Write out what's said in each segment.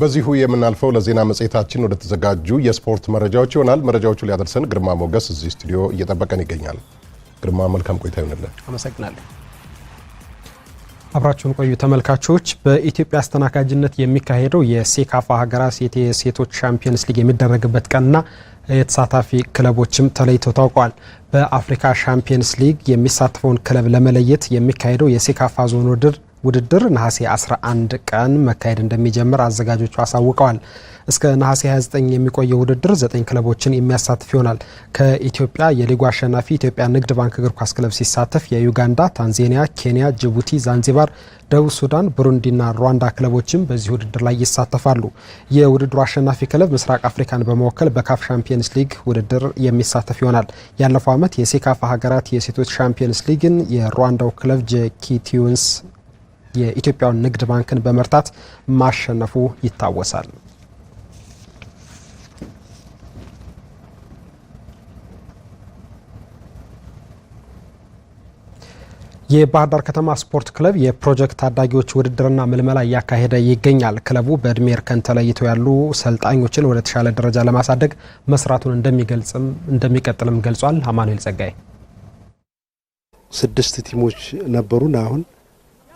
በዚሁ የምናልፈው ለዜና መጽሔታችን ወደ ተዘጋጁ የስፖርት መረጃዎች ይሆናል። መረጃዎቹ ሊያደርሰን ግርማ ሞገስ እዚህ ስቱዲዮ እየጠበቀን ይገኛል። ግርማ መልካም ቆይታ ይሆንልን። አመሰግናለሁ። አብራችሁን ቆዩ ተመልካቾች። በኢትዮጵያ አስተናጋጅነት የሚካሄደው የሴካፋ ሀገራት የሴቶች ሻምፒየንስ ሊግ የሚደረግበት ቀንና የተሳታፊ ክለቦችም ተለይተው ታውቀዋል። በአፍሪካ ሻምፒየንስ ሊግ የሚሳተፈውን ክለብ ለመለየት የሚካሄደው የሴካፋ ዞን ውድድር ውድድር ነሐሴ 11 ቀን መካሄድ እንደሚጀምር አዘጋጆቹ አሳውቀዋል። እስከ ነሐሴ 29 የሚቆየው ውድድር ዘጠኝ ክለቦችን የሚያሳትፍ ይሆናል። ከኢትዮጵያ የሊጉ አሸናፊ ኢትዮጵያ ንግድ ባንክ እግር ኳስ ክለብ ሲሳተፍ የዩጋንዳ፣ ታንዜኒያ፣ ኬንያ፣ ጅቡቲ፣ ዛንዚባር፣ ደቡብ ሱዳን፣ ብሩንዲና ሩዋንዳ ክለቦችም በዚህ ውድድር ላይ ይሳተፋሉ። የውድድሩ አሸናፊ ክለብ ምስራቅ አፍሪካን በመወከል በካፍ ሻምፒየንስ ሊግ ውድድር የሚሳተፍ ይሆናል። ያለፈው ዓመት የሴካፋ ሀገራት የሴቶች ሻምፒየንስ ሊግን የሩዋንዳው ክለብ ጄኪቲዩንስ የኢትዮጵያውን ንግድ ባንክን በመርታት ማሸነፉ ይታወሳል። የባህር ዳር ከተማ ስፖርት ክለብ የፕሮጀክት ታዳጊዎች ውድድርና ምልመላ እያካሄደ ይገኛል። ክለቡ በእድሜ እርከን ተለይተው ያሉ ሰልጣኞችን ወደ ተሻለ ደረጃ ለማሳደግ መስራቱን እንደሚገልጽም እንደሚቀጥልም ገልጿል። አማኑኤል ጸጋይ ስድስት ቲሞች ነበሩን። አሁን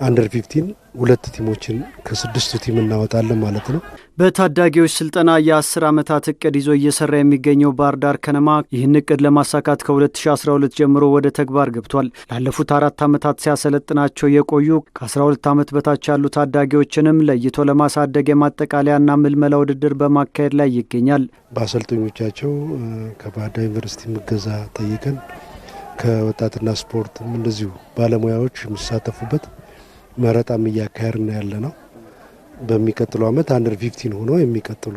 አንደር ፊፍቲን ሁለት ቲሞችን ከስድስቱ ቲም እናወጣለን ማለት ነው። በታዳጊዎች ስልጠና የአስር ዓመታት እቅድ ይዞ እየሰራ የሚገኘው ባህር ዳር ከነማ ይህን እቅድ ለማሳካት ከ2012 ጀምሮ ወደ ተግባር ገብቷል። ላለፉት አራት ዓመታት ሲያሰለጥናቸው የቆዩ ከ12 ዓመት በታች ያሉ ታዳጊዎችንም ለይቶ ለማሳደግ የማጠቃለያና ምልመላ ውድድር በማካሄድ ላይ ይገኛል። በአሰልጠኞቻቸው ከባህር ዳር ዩኒቨርሲቲ ምገዛ ጠይቀን ከወጣትና ስፖርትም እንደዚሁ ባለሙያዎች የሚሳተፉበት መረጣም እያካሄድን ያለ ነው። በሚቀጥለው ዓመት አንደር ፊፍቲን ሆኖ የሚቀጥሉ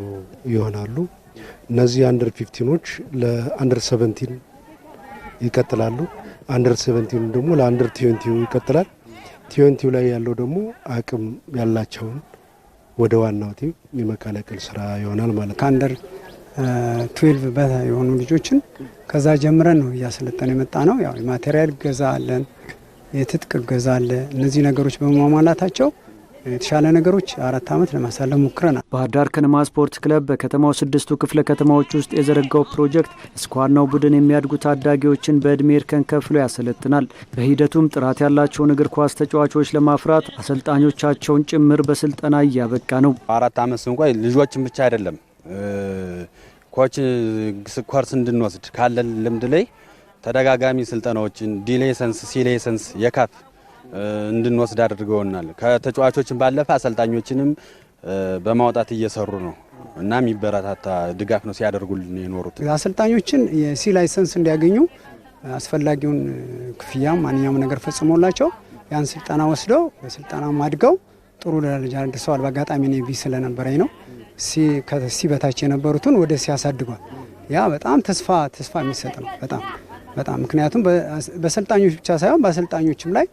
ይሆናሉ። እነዚህ አንደር ፊፍቲኖች ለአንደር ሰቨንቲን ይቀጥላሉ። አንደር ሰቨንቲኑ ደግሞ ለአንደር ትዌንቲው ይቀጥላል። ትዌንቲው ላይ ያለው ደግሞ አቅም ያላቸውን ወደ ዋናው ቲም የመቀላቀል ስራ ይሆናል ማለት ነው። ከአንደር ትዌልቭ በታ የሆኑ ልጆችን ከዛ ጀምረን ነው እያሰለጠን የመጣ ነው። ያው የማቴሪያል ገዛ አለን የትጥቅ እገዛ አለ። እነዚህ ነገሮች በመሟላታቸው የተሻለ ነገሮች አራት ዓመት ለማሳለፍ ሞክረናል። ባህር ዳር ከነማ ስፖርት ክለብ በከተማው ስድስቱ ክፍለ ከተማዎች ውስጥ የዘረጋው ፕሮጀክት እስከ ዋናው ቡድን የሚያድጉ ታዳጊዎችን በእድሜ እርከን ከፍሎ ያሰለጥናል። በሂደቱም ጥራት ያላቸውን እግር ኳስ ተጫዋቾች ለማፍራት አሰልጣኞቻቸውን ጭምር በስልጠና እያበቃ ነው። አራት ዓመት ስንኳ ልጆችን ብቻ አይደለም ኳች ስኳርስ እንድንወስድ ካለን ልምድ ላይ ተደጋጋሚ ስልጠናዎችን ዲሌሰንስ፣ ሲሌሰንስ የካፍ እንድንወስድ አድርገውናል። ከተጫዋቾችን ባለፈ አሰልጣኞችንም በማውጣት እየሰሩ ነው እና የሚበረታታ ድጋፍ ነው ሲያደርጉልን የኖሩት። አሰልጣኞችን የሲ ላይሰንስ እንዲያገኙ አስፈላጊውን ክፍያም ማንኛውም ነገር ፈጽሞላቸው ያን ስልጠና ወስደው በስልጠናም አድገው ጥሩ ደረጃ ደርሰዋል። በአጋጣሚ እኔ ቢ ስለነበረኝ ነው ከሲ በታች የነበሩትን ወደ ሲ ያ በጣም ተስፋ ተስፋ የሚሰጥ ነው በጣም በጣም ምክንያቱም በሰልጣኞች ብቻ ሳይሆን በአሰልጣኞችም ላይ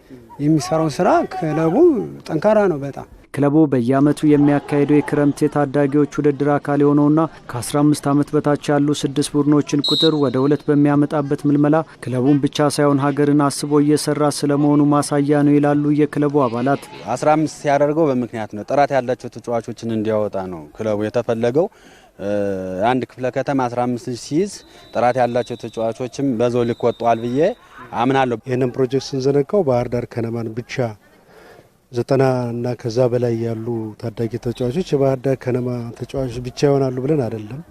የሚሰራው ስራ ክለቡ ጠንካራ ነው በጣም ክለቡ በየአመቱ የሚያካሄደው የክረምት የታዳጊዎች ውድድር አካል የሆነውና ከ15 ዓመት በታች ያሉ ስድስት ቡድኖችን ቁጥር ወደ ሁለት በሚያመጣበት ምልመላ ክለቡን ብቻ ሳይሆን ሀገርን አስቦ እየሰራ ስለመሆኑ ማሳያ ነው ይላሉ የክለቡ አባላት። 15 ሲያደርገው በምክንያት ነው። ጥራት ያላቸው ተጫዋቾችን እንዲያወጣ ነው ክለቡ የተፈለገው። አንድ ክፍለ ከተማ 15 ሲይዝ ጥራት ያላቸው ተጫዋቾችም በዛው ልክ ወጥተዋል ብዬ አምናለሁ። ይህንን ፕሮጀክት ስንዘነጋው ባህር ዳር ከነማን ብቻ ዘጠና እና ከዛ በላይ ያሉ ታዳጊ ተጫዋቾች የባህር ዳር ከነማ ተጫዋቾች ብቻ ይሆናሉ ብለን አይደለም።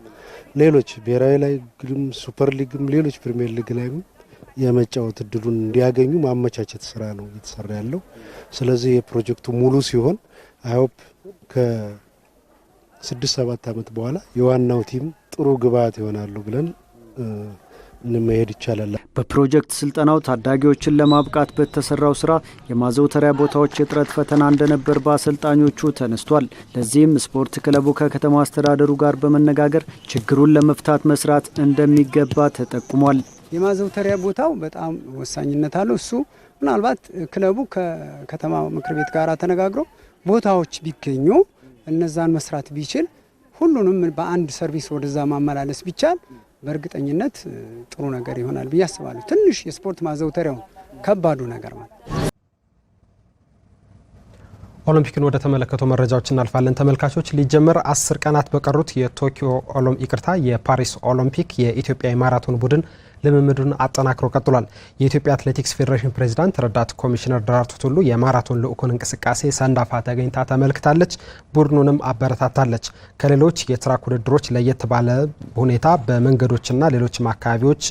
ሌሎች ብሔራዊ ላይ ግም ሱፐር ሊግም ሌሎች ፕሪሚየር ሊግ ላይም የመጫወት እድሉን እንዲያገኙ ማመቻቸት ስራ ነው እየተሰራ ያለው። ስለዚህ የፕሮጀክቱ ሙሉ ሲሆን አይሆፕ ስድስት ሰባት ዓመት በኋላ የዋናው ቲም ጥሩ ግብዓት ይሆናሉ ብለን እንመሄድ ይቻላል። በፕሮጀክት ስልጠናው ታዳጊዎችን ለማብቃት በተሰራው ስራ የማዘውተሪያ ቦታዎች የጥረት ፈተና እንደነበር በአሰልጣኞቹ ተነስቷል። ለዚህም ስፖርት ክለቡ ከከተማ አስተዳደሩ ጋር በመነጋገር ችግሩን ለመፍታት መስራት እንደሚገባ ተጠቁሟል። የማዘውተሪያ ቦታው በጣም ወሳኝነት አለው። እሱ ምናልባት ክለቡ ከከተማ ምክር ቤት ጋር ተነጋግሮ ቦታዎች ቢገኙ እነዛን መስራት ቢችል ሁሉንም በአንድ ሰርቪስ ወደዛ ማመላለስ ቢቻል በእርግጠኝነት ጥሩ ነገር ይሆናል ብዬ አስባለሁ። ትንሽ የስፖርት ማዘውተሪያው ከባዱ ነገር ማለት ኦሎምፒክን ወደ ተመለከተው መረጃዎች እናልፋለን ተመልካቾች። ሊጀመር አስር ቀናት በቀሩት የቶኪዮ ይቅርታ የፓሪስ ኦሎምፒክ የኢትዮጵያ የማራቶን ቡድን ልምምዱን አጠናክሮ ቀጥሏል። የኢትዮጵያ አትሌቲክስ ፌዴሬሽን ፕሬዚዳንት ረዳት ኮሚሽነር ደራርቱ ቱሉ የማራቶን ልዑኩን እንቅስቃሴ ሰንዳፋ ተገኝታ ተመልክታለች፣ ቡድኑንም አበረታታለች። ከሌሎች የትራክ ውድድሮች ለየት ባለ ሁኔታ በመንገዶችና ሌሎችም አካባቢዎች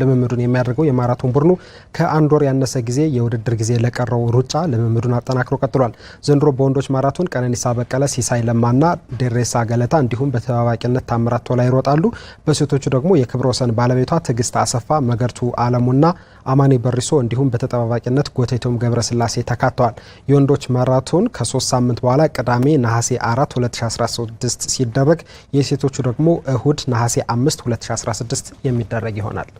ልምምዱን የሚያደርገው የማራቶን ቡድኑ ከአንድ ወር ያነሰ ጊዜ የውድድር ጊዜ ለቀረው ሩጫ ልምምዱን አጠናክሮ ቀጥሏል። ዘንድሮ በወንዶች ማራቶን ቀነኒሳ በቀለ፣ ሲሳይ ለማና ደሬሳ ገለታ እንዲሁም በተባባቂነት ታምራት ቶላ ይሮጣሉ። በሴቶቹ ደግሞ የክብረ ወሰን ባለቤቷ መንግስት አሰፋ፣ መገርቱ አለሙና አማኔ በሪሶ እንዲሁም በተጠባባቂነት ጎቴቶም ገብረስላሴ ተካተዋል። የወንዶች ማራቶን ከሶስት ሳምንት በኋላ ቅዳሜ ነሐሴ 4 2016 ሲደረግ የሴቶቹ ደግሞ እሁድ ነሐሴ 5 2016 የሚደረግ ይሆናል።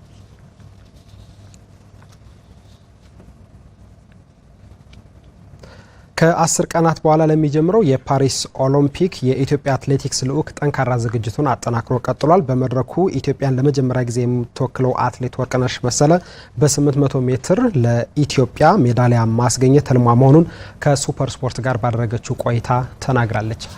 ከአስር ቀናት በኋላ ለሚጀምረው የፓሪስ ኦሎምፒክ የኢትዮጵያ አትሌቲክስ ልዑክ ጠንካራ ዝግጅቱን አጠናክሮ ቀጥሏል። በመድረኩ ኢትዮጵያን ለመጀመሪያ ጊዜ የምትወክለው አትሌት ወርቅነሽ መሰለ በ800 ሜትር ለኢትዮጵያ ሜዳሊያ ማስገኘት ህልሟ መሆኑን ከሱፐር ስፖርት ጋር ባደረገችው ቆይታ ተናግራለች።